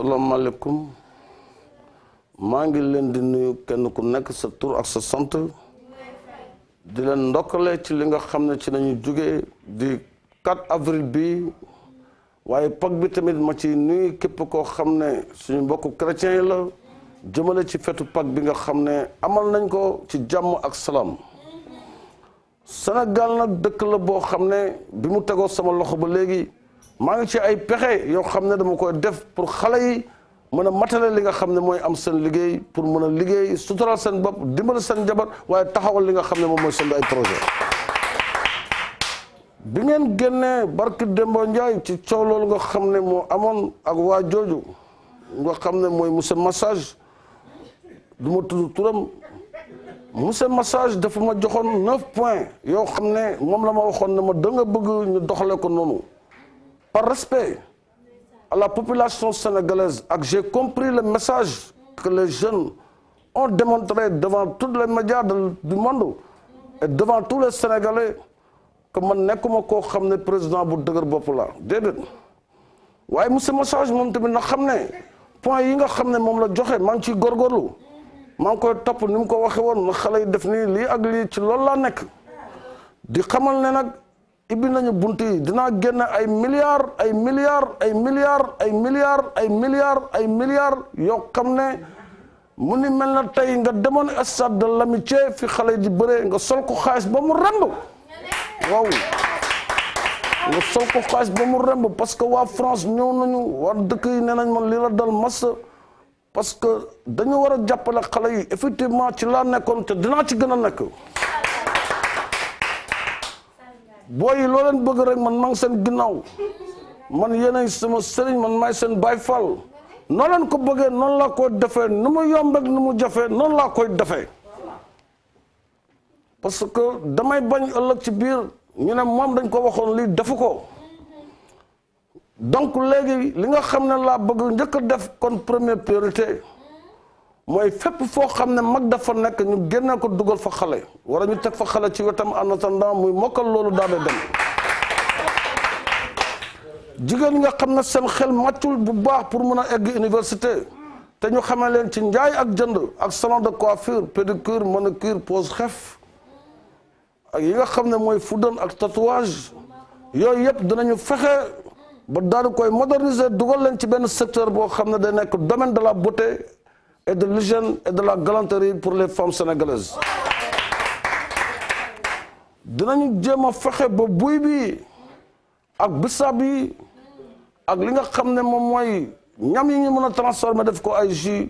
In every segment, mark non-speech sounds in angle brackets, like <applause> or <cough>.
asalaamaaleykum maa ngi leen di nuyu kenn ku nekk sa tur ak sa sant di leen ndokkale ci li nga xam ne ci nañu jóge di avril bi waaye Pâques bi tamit ma ci nuyu képp koo xam ne suñu mbokku chrétien yi la jëmale ci fetu Pâques bi nga xam ne amal nañ ko ci jàmm ak salaam Sénégal nag dëkk la boo xam ne bi mu tegoo sama loxo ba léegi maa ngi ci ay pexe yoo xam ne dama koy def pour xale yi mën a matale li nga xam ne mooy am seen liggéey pour mën a liggéey sutural seen bopp dimbal seen jabar waaye taxawal li nga xam ne moom mooy seen ay projet bi ngeen génnee barki Demba Ndiaye ci coow loolu nga xam ne moo amoon ak waa jooju nga xam ne mooy monsieur massage du ma tudd turam seen massage dafa ma joxoon neuf points yoo xam ne moom la ma waxoon ne ma da nga bëgg ñu doxale ko noonu par respect à la population sénégalaise ak j'ai compris le message que les jeunes ont démontré devant tous les médias du monde et devant tous les Sénégalais que man nekkuma koo xam ne président bu dëgër bopp la déedéet waaye monsieur message moom tamit na xam ne point yi nga xam ne moom la joxe maa ngi ciy góorgóorlu maa ngi koy topp ni mu ko waxee woon na xale yi def nii lii ak lii ci loolu laa nekk di xamal ne nag ibbi nañu bunt yi dinaa génn ay milliards ay milliards ay milliards ay milliards ay milliards ay milliards yoo xam ne mu ni mel na tey nga demoon stade de l'amitié fi xale ji bëree nga sol ko xaalis ba mu remb waaw nga sol ko xaalis parce que waa France ñëw nañu waa dëkk yi nee nañ man lii la dal massa parce que dañu war a jàppale xale yi effectivement ci laa nekkoon te dinaa ci gën a nekk booy loo leen bëgg rek man maa seen ginnaaw man yéenay sama sëriñ man maay seen baay fal leen ko bëggee noonu laa koy defee nu mu yomb nu mu jafee noonu laa koy defee parce que damay bañ ëllëg ci biir ñu ne moom dañ ko waxoon lii defu ko donc léegi li nga xam ne laa bëgg njëkk def kon première priorité mooy fépp foo xam ne mag dafa nekk ñu génne ko dugal fa xale wala ñu teg fa xale ci wetam en attendant muy mokkal loolu daal di dem jigéen ñi nga xam ne seen xel màccul bu baax pour mun a egg université te ñu xamee leen ci njaay ak jënd ak salon de coiffure pédicure manucure pose xef ak yi nga xam ne mooy fudan ak tatouage yooyu yëpp dinañu fexe ba daal di koy moderniser dugal leen ci benn secteur boo xam ne day nekk domaine de la beauté. et de l'hygiène et de la galanterie pour les femmes sénégalaises dinañu jéem a fexe ba buy bi ak bisaab yi ak li nga xam ne moom mooy ñam yi ñu mën a transformer def ko ay jus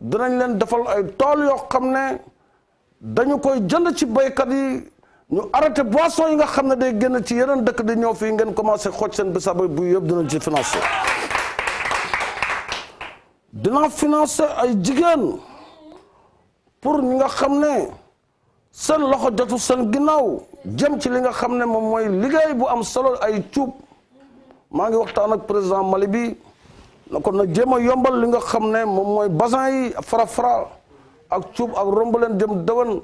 dinañ leen defal ay tool yoo xam ne dañu koy jënd ci baykat yi ñu arrêté boisson yi nga xam ne day génn ci yeneen dëkk di ñëw fii ngeen commencé xooj seen bisaab bu yëpp dinañ ci financé dina financer ay jigéen pour ñi nga xam ne seen loxo jotu seen ginnaaw jëm ci li nga xam ne moom mooy liggéey bu am solo ay cuub maa ngi waxtaan ak président Mali bi na ko na jéem a yombal li nga xam ne moom mooy basin yi fara fara ak cuub ak rombaleen jëm dëwan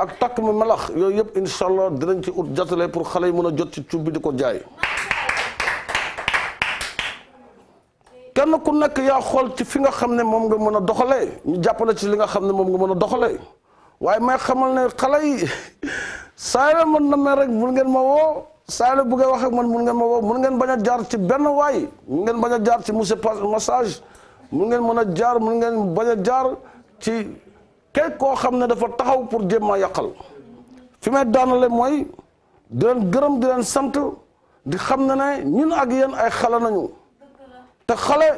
ak takk mi melax yooyu yëpp incha allah dinañ ci ut jàttale pour xale yi mën a jot ci cuub bi di ko jaay kenn ku nekk yaa xool ci fi nga xam ne moom nga mën a doxale ñu jàppale ci li nga xam ne moom nga mën a doxalee waaye may xamal ne xale yi saa la mën na mel rek mu ngeen ma woo saa la bëggee wax ak mun ngeen ma woo mun ngeen bañ a jaar ci benn waay mun ngeen bañ a jaar ci monsieur massage mun ngeen mën a jaar mu ngeen bañ a jaar ci kenn koo xam ne dafa taxaw pour jéem ma yàqal fi may daanale mooy di leen gërëm di sant di xam ne ne ñun ak yéen ay xale nañu. te xale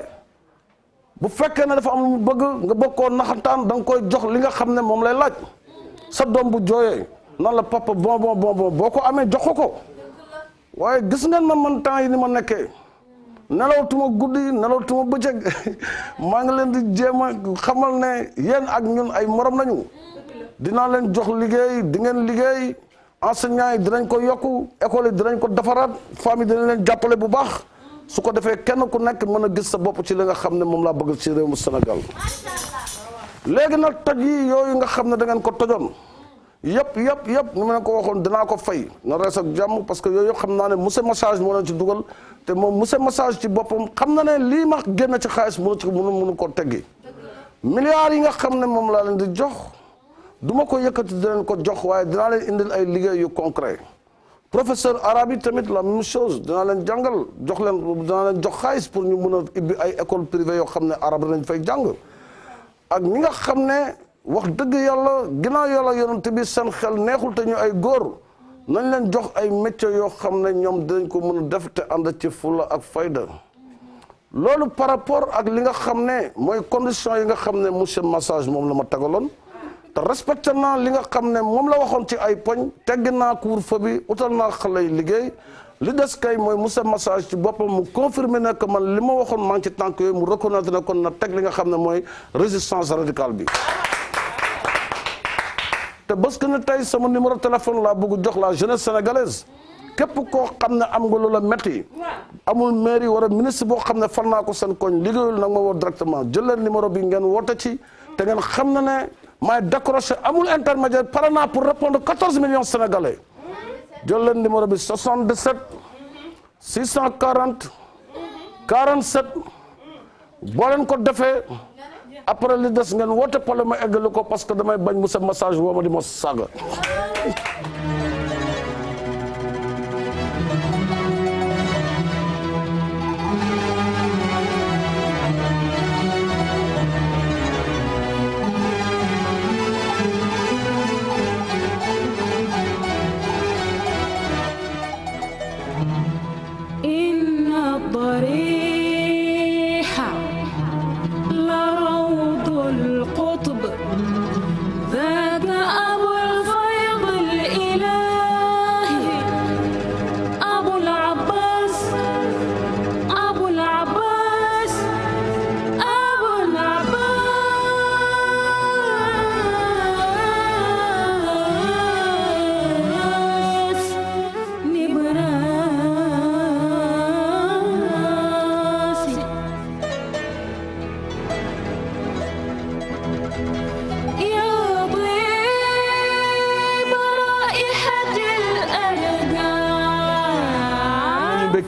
bu fekkee ne dafa am bëgg nga bëgg koo naxantaan da nga koy jox li nga xam ne moom lay laaj sa doom bu jooyee nan la papa bon bon bon bon boo ko amee jox ko ko waaye gis ngeen man man temps yi ni ma nekkee nelawtuma guddi nelawtuma bëccëg <laughs> maa ngi leen di jéem a xamal ne yéen ak ñun ay morom nañu dinaa leen jox liggéey di ngeen liggéey enseignants yi dinañ ko yokku école yi dinañ ko defaraat famille dinañ leen jàppale bu baax su ko defee kenn ku nekk mën a gis sa bopp ci li nga xam ne moom laa bëgg ci réew mu Sénégal léegi nag toj yi yooyu nga xam ne da ngeen ko tojoon yëpp yëpp yëpp ni ma ko waxoon dinaa ko fay na rees ak jàmm parce que yooyu yëpp xam naa ne monsieur massage moo leen ci dugal te moom monsieur massage ci boppam xam na ne lii ma génn ci xaalis mënu ci mënu mënu ko teggi milliards yi nga xam ne moom laa leen di jox du ma ko yëkkati di ko jox waaye dinaa leen indil ay liggéey yu concret professeur arab yi tamit la même chose dinaa leen jàngal jox leen dinaa leen jox xaalis pour ñu mën a ibbi ay école privée yoo xam ne arab lañ fay jàng ak ñi nga xam ne wax dëgg yàlla ginnaaw yàlla yonent bi seen xel neexul te ay góor nañ leen jox ay métiers yoo xam ne ñoom dinañ ko mën a def te ànd ci fulla ak fayda loolu par rapport ak li nga xam ne mooy condition yi nga xam ne monsieur Massage moom la ma tegaloon te respecté naa li nga xam ne moom la waxoon ci ay poñ tegg naa couvre-feu bi utal naa xale yi liggéey li des kay mooy Moussa Massage ci boppam mu confirmé ne ko man li ma waxoon maa ci tànk mu reconnaître ne kon na teg li nga xam ne mooy résistance radicale bi te bés que ne tey sama numéro téléphone laa bëgg jox la jeunesse sénégalaise képp koo xam ne am nga loola métti amul mairie wala ministre boo xam ne fal naa ko seen koñ liggéeyul nag ma woo directement jël leen bi ngeen woote ci te ngeen xam na ne maay décroché amul intermédiaire pare naa pour répondre 14 millions sénégalais jël leen numéro bi 77 640 47 boo leen ko defee après li des ngeen woote problème ma eggali ko parce que damay bañ mu sa message woo ma di ma saaga.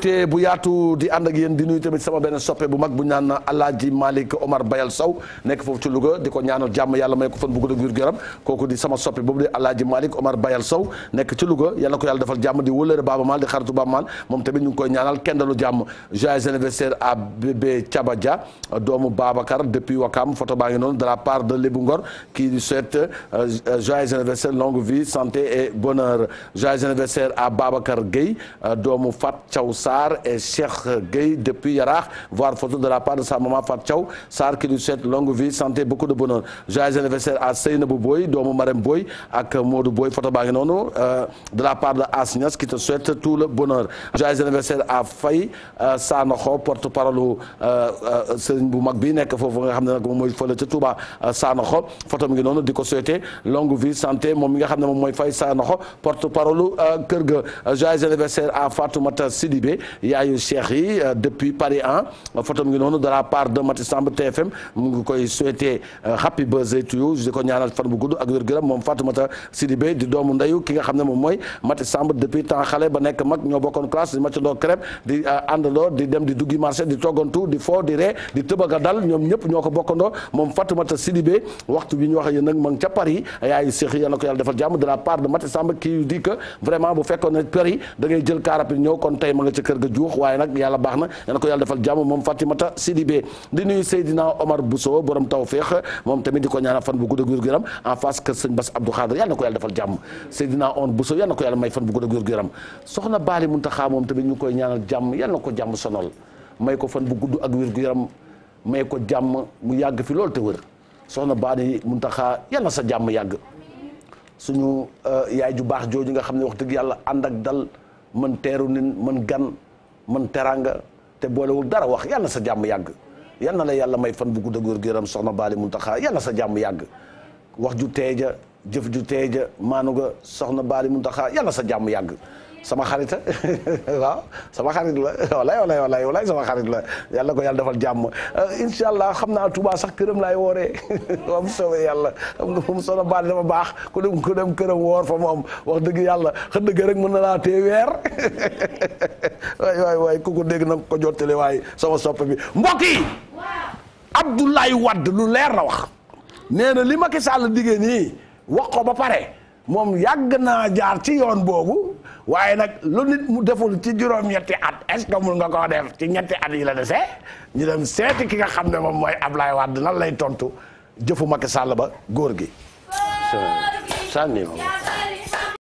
mbégte bu yaatu di ànd ak yéen di nuyu tamit sama benn soppe bu mag bu ñaan naan Alaaji Omar Bayal Sow nekk foofu ci Louga di ko ñaanal jàmm yàlla may ko fan bu gudd ak wér gu yaram kooku di sama soppe boobu di Alaaji Malick Omar Bayal Sow nekk ci Louga yàlla ko yàlla defal jàmm di wëlëre Baaba Maal di xaritu Baaba Maal moom tamit ñu koy ñaanal kendalu jàmm joyeux anniversaire à bébé Thiaba doomu Babacar depuis Wakam photo baa noonu de la part de Lébou Ngor qui lui souhaite euh, Sarr et Cheikh Gueye depuis Yaraax voir photo de la part de sa maman Fatou Thiaw Sarr qui lui souhaite longue vie santé beaucoup de bonheur joyeux anniversaire à Seynabou Boy doomu Marème Boy ak Modou Boy photo baa ngi noonu euh, de la part de As Niass qui te souhaite tout le bonheur joyeux anniversaire à Faye euh, Sanokho porte-parole euh, sëriñ bu mag bi nekk foofu nga xam ne nag moom mooy fële ca Touba Sanokho photo mi ngi noonu di ko souhaiter longue vie santé moom mi nga xam ne moom mooy Faye Sanokho porte invité yaayu cheikh yi euh, depuis Paris 1 photo ngi noonu de la part de Maty Samb TFM mu ngi koy souhaité euh, happy birthday to you di ko fan bu gudd ak wér-gu-yaram moom Fatoumata Sidibé di doomu ndeyu ki nga xam Samb depuis temps xale ba nekk mag ñoo bokkoon classe di maccandoo crêpe di euh, àndandoo di dem di duggi marché di toggantu di foo di ree di tëbaga dal ñoom ñëpp ñoo ko bokkandoo moom Fatoumata Sidibé waxtu bi wax yéen nag ma ca Paris yaayu cheikh yi yal ko yàlla defal jàmm de part de kër ga juux waaye nag yàlla baax na yal na ko yàlla defal jàmm moom Fatimata Sidibé di nuyu Seydina Omar Bousso borom tawféex moom tamit di ko ñaanal fan bu gudd ak wér-gu-yaram en face kër sëñ na ko yàlla defal jàmm Seydina Omar Bousso yal na ko yàlla may fan bu gudd ak wér-gu-yaram soxna Baali Muntaxa moom tamit ñu ngi koy ñaanal jàmm yal na ko jàmm sonal may ko fan bu gudd ak wér-gu-yaram may ko jàmm mu yàgg fi loolu te wër soxna Baali Muntaxa yal na sa jàmm yàgg suñu euh, yaay ju baax jooju nga xam ne wax dëgg yàlla ànd ak dal mën teeru nin mën gan mën teranga te boolewul dara wax yal na sa jàmm yàgg yal na la yàlla may fan bu da ak wér soxna Baali Muntaxa yal na sa jàmm yàgg wax ju teeja jëf ju teeja maanu ga soxna Baali Muntaxa yal na sa jàmm yàgg sama xarita <laughs> waaw sama xarit la <laughs> walay walay walay sama xarit la yàlla ko yàlla defal jàmm euh, incha allah xam naa tubaa sax këram laay wooree <laughs> am yàlla xam nga moom soxna Ba dafa baax ku dem ku dem këram woor am wax dëgg yàlla xëy na mën na laa tee weer waay waay ku ko dégg na ko jottale waaye sama sopp bi mbokk yi. Abdoulaye lu leer la wax nee na li Macky Sall diggee nii wax ko ba pare moom yàgg naa jaar ci yoon boobu. waaye nag lu nit mu deful ci juróom-ñetti at est-ce mun nga koo def ci ñetti at yi la dese ñu dem seeti ki nga xam ne moom mooy Ablaye Wade lan lay tontu jëfu Macky Sall ba góor gi. sànni